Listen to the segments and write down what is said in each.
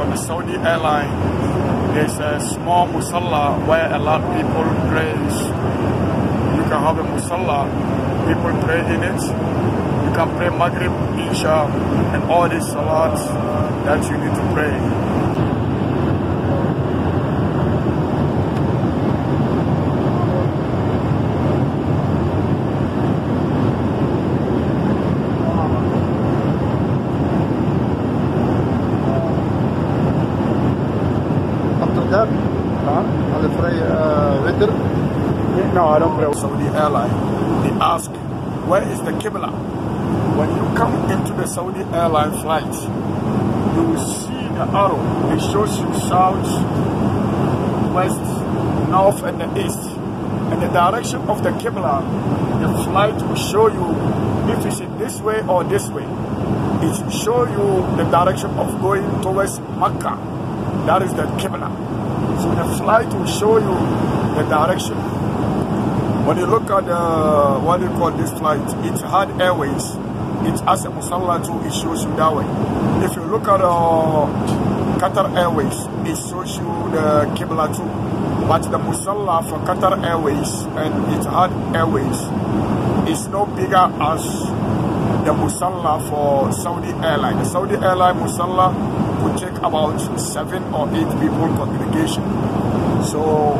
on the Saudi airline, there's a small musalla where a lot of people pray. You can have a musalla, people pray in it. You can pray Maghrib, Isha, and all these salats that you need to pray. Huh? On the Frey uh, Yeah, no, I don't pray. Saudi airline, they ask, where is the Qibla? When you come into the Saudi airline flight, you will see the arrow. It shows you south, west, north, and the east. And the direction of the Qibla, the flight will show you if it's in this way or this way. It will show you the direction of going towards Makkah. That is the Qibla the flight will show you the direction. When you look at the, uh, what you call this flight, it's hard airways. It's as a Musalla too, it shows you that way. If you look at uh, Qatar Airways, it shows you the Qibla too. But the Musalla for Qatar Airways and it's hard airways is no bigger as the Musalla for Saudi Airline. The Saudi Airline Musalla would take about seven or eight people congregation. So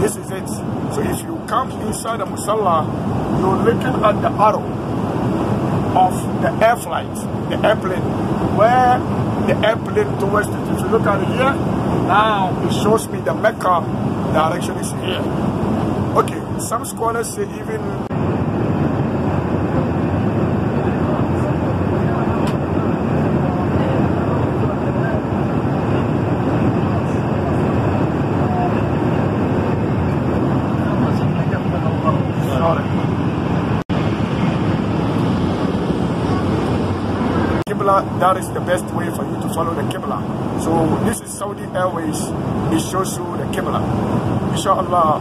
this is it. So if you come inside the Musalla, you're looking at the arrow of the air flight, the airplane, where the airplane towards it. If you look at it here, now it shows me the Mecca direction is here. Okay, some scholars say even Qibla, that is the best way for you to follow the Qibla. So this is Saudi Airways, it shows you the Qibla. Inshallah,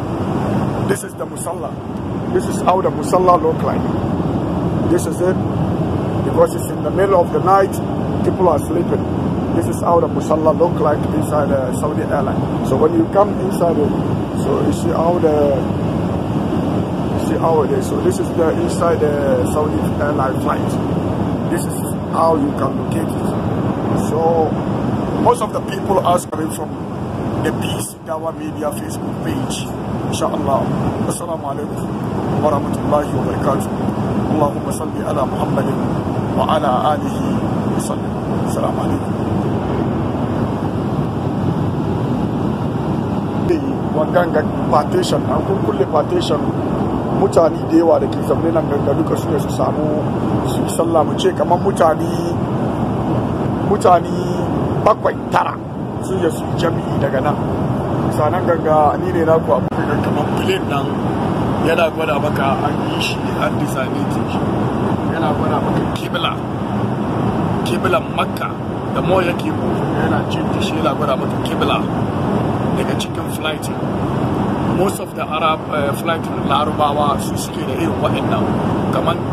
this is the Musalla. This is how the Musalla look like. This is it, because it's in the middle of the night, people are sleeping. This is how the Musalla look like inside the uh, Saudi airline. So when you come inside it, so you see how the see how it is. So this is the inside the uh, Saudi airline flight. This is how you can locate it. So most of the people are coming from the PC Dawa Media Facebook page. Inshallah. Assalamu alaikum wa rahmatullahi wa barakatuh. Allahumma salli ala Muhammadin wa ala alihi wa sallam. Assalamu alaikum. Waganga partition, ang kukulle partition mutane da yawa da ke zaune nan ganga duka su ne su samu su yi sallah mu ce kamar mutane mutane bakwai tara sun yi su jami'i daga nan sanan ganga ni ne na kuwa kuma ga kamar plane nan yana gwada maka an yi shi an designated shi yana gwada maka kibla kibla makka da mo yake yana cin shi yana gwada maka kibla daga cikin flight most of the arab uh, flight larabawa su suke da irin waɗannan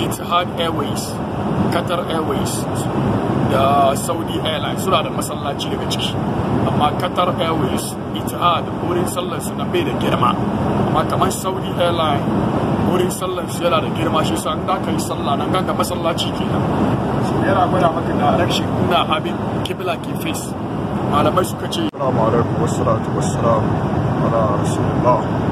it's itihad airways qatar airways da saudi airlines suna da masallaci daga ciki amma qatar airways itihad wurin sallar and na bai da girma amma kamar saudi airlines wurin sallar su yana da girma shi sa da and yi sallah nan So there are going yana have a direction ina abin kibla ke face malamai suka ce assalamu alaikum 好了，十点